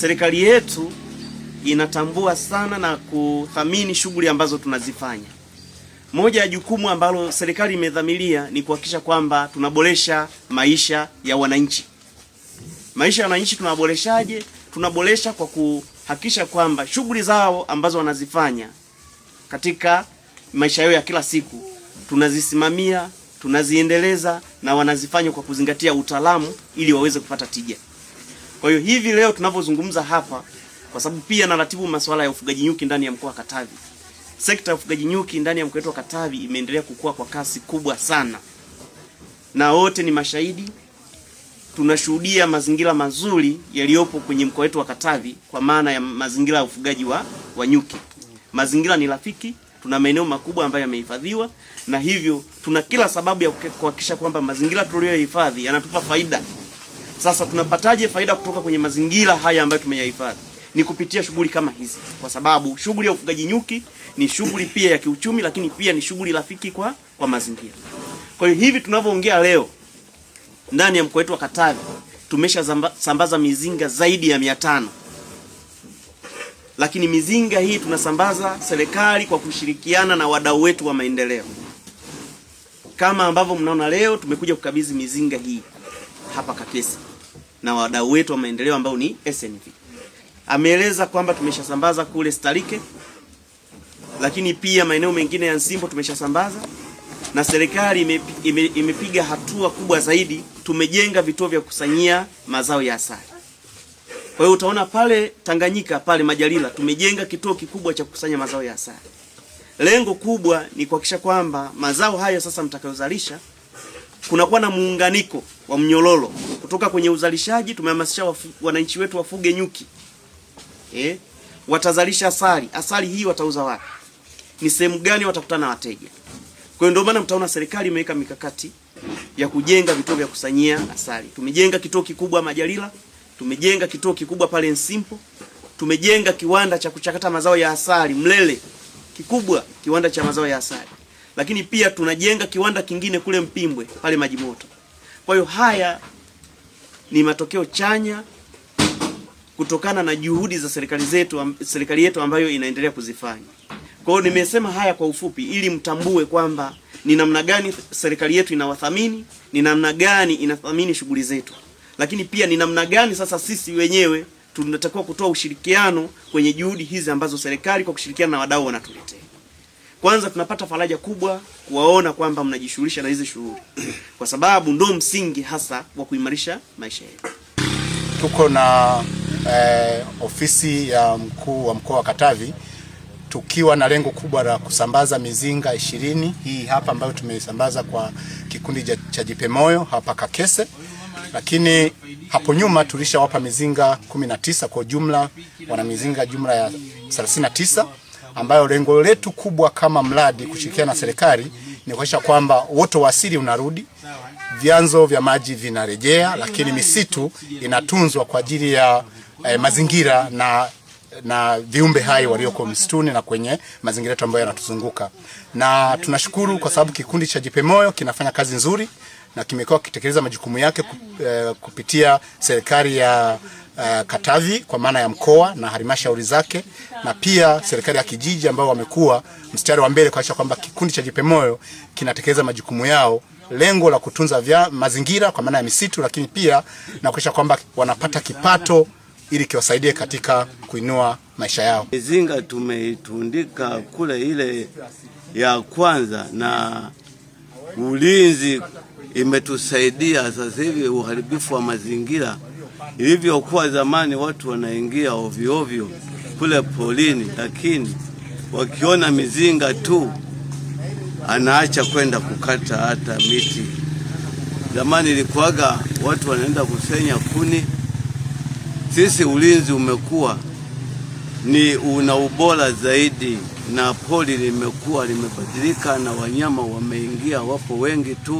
Serikali yetu inatambua sana na kuthamini shughuli ambazo tunazifanya. Moja ya jukumu ambalo serikali imedhamiria ni kuhakikisha kwamba tunaboresha maisha ya wananchi. Maisha ya wananchi tunaboreshaje? Tunaboresha kwa kuhakikisha kwamba shughuli zao ambazo wanazifanya katika maisha yao ya kila siku tunazisimamia, tunaziendeleza na wanazifanya kwa kuzingatia utaalamu ili waweze kupata tija. Kwa hiyo hivi leo tunavyozungumza hapa, kwa sababu pia naratibu masuala ya ufugaji nyuki ndani ya mkoa wa Katavi. Sekta ya ufugaji nyuki ndani ya mkoa wetu wa Katavi imeendelea kukua kwa kasi kubwa sana, na wote ni mashahidi. Tunashuhudia mazingira mazuri yaliyopo kwenye mkoa wetu wa Katavi kwa maana ya mazingira ya ufugaji wa, wa nyuki. Mazingira ni rafiki, tuna maeneo makubwa ambayo yamehifadhiwa, na hivyo tuna kila sababu ya kuhakikisha kwamba mazingira tuliyohifadhi yanatupa faida. Sasa tunapataje faida kutoka kwenye mazingira haya ambayo tumeyahifadhi? Ni kupitia shughuli kama hizi, kwa sababu shughuli ya ufugaji nyuki ni shughuli pia ya kiuchumi, lakini pia ni shughuli rafiki kwa kwa mazingira. Kwa hiyo hivi tunavyoongea leo, ndani ya mkoa wetu wa Katavi sambaza mizinga zaidi ya mia tano lakini mizinga hii tunasambaza serikali kwa kushirikiana na wadau wetu wa maendeleo. Kama ambavyo mnaona leo tumekuja kukabidhi mizinga hii hapa Kakesi na wadau wetu wa maendeleo ambao ni SNV. Ameeleza kwamba tumeshasambaza kule Starike, lakini pia maeneo mengine ya Nsimbo tumeshasambaza na serikali imepiga ime, ime hatua kubwa zaidi. Tumejenga vituo vya kukusanyia mazao ya asali. Kwa hiyo utaona pale Tanganyika pale Majalila tumejenga kituo kikubwa cha kukusanya mazao ya asali. Lengo kubwa ni kuhakikisha kwamba mazao hayo sasa mtakayozalisha kunakuwa na muunganiko wa mnyololo kutoka kwenye uzalishaji. Tumehamasisha wananchi wetu wafuge nyuki eh, watazalisha asali. Asali hii watauza wapi? Ni sehemu gani watakutana wateja? Kwa hiyo ndio maana mtaona serikali imeweka mikakati ya kujenga vituo vya kusanyia asali. Tumejenga kituo kikubwa Majalila, tumejenga kituo kikubwa pale Nsimpo, tumejenga kiwanda cha kuchakata mazao ya asali Mlele, kikubwa kiwanda cha mazao ya asali lakini pia tunajenga kiwanda kingine kule Mpimbwe pale maji moto. Kwa hiyo haya ni matokeo chanya kutokana na juhudi za serikali zetu, serikali yetu ambayo inaendelea kuzifanya. Kwa hiyo nimesema haya kwa ufupi ili mtambue kwamba ni namna gani serikali yetu inawathamini, ni namna gani inathamini shughuli zetu, lakini pia ni namna gani sasa sisi wenyewe tunatakiwa kutoa ushirikiano kwenye juhudi hizi ambazo serikali kwa kushirikiana na wadau wanatuletea. Kwanza tunapata faraja kubwa kuwaona kwamba mnajishughulisha na hizi shughuli, kwa sababu ndo msingi hasa wa kuimarisha maisha yetu. Tuko na eh, ofisi ya mkuu wa mkoa wa Katavi tukiwa na lengo kubwa la kusambaza mizinga ishirini hii hapa ambayo tumeisambaza kwa kikundi cha Jipe Moyo hapa Kakese, lakini hapo nyuma tulishawapa mizinga 19 kwa jumla, wana mizinga jumla ya 39 ambayo lengo letu kubwa kama mradi kushirikiana na serikali ni kuhakikisha kwamba uoto wa asili unarudi, vyanzo vya maji vinarejea, lakini misitu inatunzwa kwa ajili ya eh, mazingira na na viumbe hai walioko msituni na kwenye mazingira yetu ambayo yanatuzunguka. Na tunashukuru kwa sababu kikundi cha Jipe Moyo kinafanya kazi nzuri na kimekuwa kitekeleza majukumu yake eh, kupitia serikali ya uh, Katavi kwa maana ya mkoa na halmashauri zake na pia serikali ya kijiji ambao wamekuwa mstari wa mbele kuhakikisha kwamba kikundi cha jipemoyo kinatekeleza majukumu yao, lengo la kutunza vya mazingira kwa maana ya misitu, lakini pia na kuhakikisha kwamba wanapata kipato ili kiwasaidie katika kuinua maisha yao. Mizinga tumeitundika kule ile ya kwanza na ulinzi imetusaidia sasa hivi uharibifu wa mazingira Ilivyokuwa zamani, watu wanaingia ovyo ovyo kule polini, lakini wakiona mizinga tu anaacha kwenda kukata hata miti. Zamani ilikuwaga watu wanaenda kusenya kuni. Sisi ulinzi umekuwa ni una ubora zaidi, na poli limekuwa limebadilika, na wanyama wameingia, wapo wengi tu.